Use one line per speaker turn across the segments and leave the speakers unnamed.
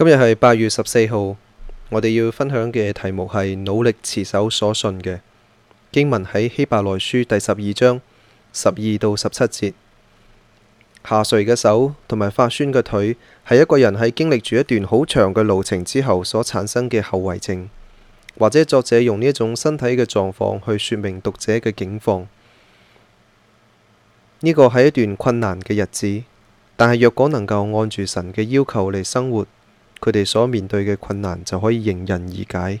今日係八月十四號，我哋要分享嘅題目係努力持守所信嘅，經文，喺希伯來書第十二章十二到十七節。下垂嘅手同埋發酸嘅腿係一個人喺經歷住一段好長嘅路程之後所產生嘅後遺症，或者作者用呢一種身體嘅狀況去說明讀者嘅境況。呢個係一段困難嘅日子，但係若果能夠按住神嘅要求嚟生活。佢哋所面對嘅困難就可以迎刃而解。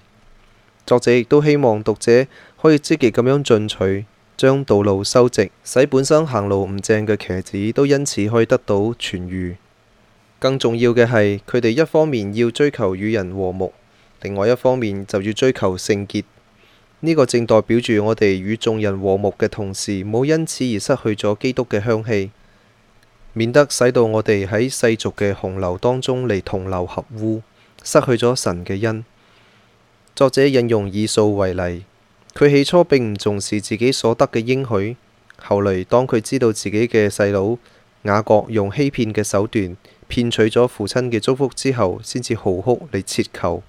作者亦都希望讀者可以積極咁樣進取，將道路修直，使本身行路唔正嘅瘸子都因此可以得到痊愈。更重要嘅係，佢哋一方面要追求與人和睦，另外一方面就要追求聖潔。呢、這個正代表住我哋與眾人和睦嘅同時，冇因此而失去咗基督嘅香氣。免得使到我哋喺世俗嘅洪流當中嚟同流合污，失去咗神嘅恩。作者引用以掃為例，佢起初並唔重視自己所得嘅應許，後來當佢知道自己嘅細佬雅各用欺騙嘅手段騙取咗父親嘅祝福之後，先至嚎哭嚟切求，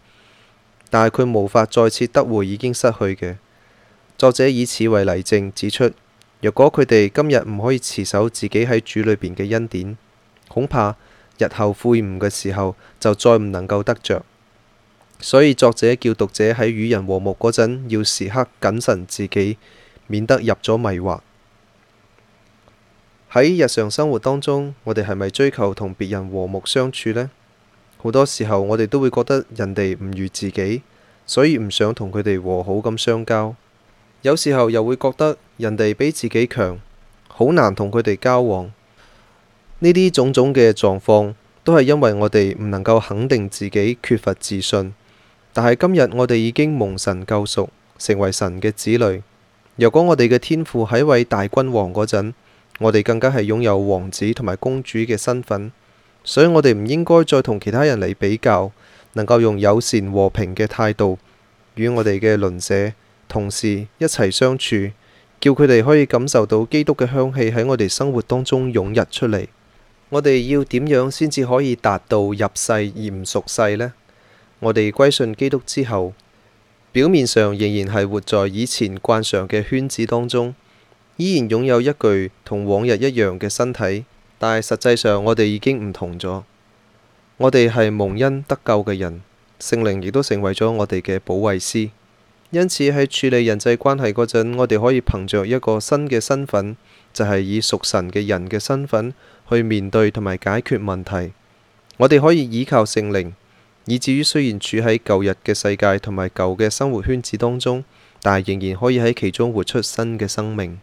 但係佢無法再次得回已經失去嘅。作者以此為例證，指出。若果佢哋今日唔可以持守自己喺主裏面嘅恩典，恐怕日後悔悟嘅時候就再唔能夠得着。所以作者叫讀者喺與人和睦嗰陣要時刻謹慎自己，免得入咗迷惑。喺日常生活當中，我哋係咪追求同別人和睦相處呢？好多時候我哋都會覺得人哋唔如自己，所以唔想同佢哋和好咁相交。有時候又會覺得。人哋比自己強，好難同佢哋交往。呢啲種種嘅狀況都係因為我哋唔能夠肯定自己，缺乏自信。但係今日我哋已經蒙神救贖，成為神嘅子女。若果我哋嘅天父係一位大君王嗰陣，我哋更加係擁有王子同埋公主嘅身份，所以我哋唔應該再同其他人嚟比較，能夠用友善和平嘅態度與我哋嘅鄰舍、同事一齊相處。叫佢哋可以感受到基督嘅香氣喺我哋生活當中湧溢出嚟。我哋要點樣先至可以達到入世而唔屬世呢？我哋歸信基督之後，表面上仍然係活在以前慣常嘅圈子當中，依然擁有一具同往日一樣嘅身體，但係實際上我哋已經唔同咗。我哋係蒙恩得救嘅人，聖靈亦都成為咗我哋嘅保惠師。因此喺處理人際關係嗰陣，我哋可以憑着一個新嘅身份，就係、是、以屬神嘅人嘅身份去面對同埋解決問題。我哋可以依靠聖靈，以至於雖然處喺舊日嘅世界同埋舊嘅生活圈子當中，但係仍然可以喺其中活出新嘅生命。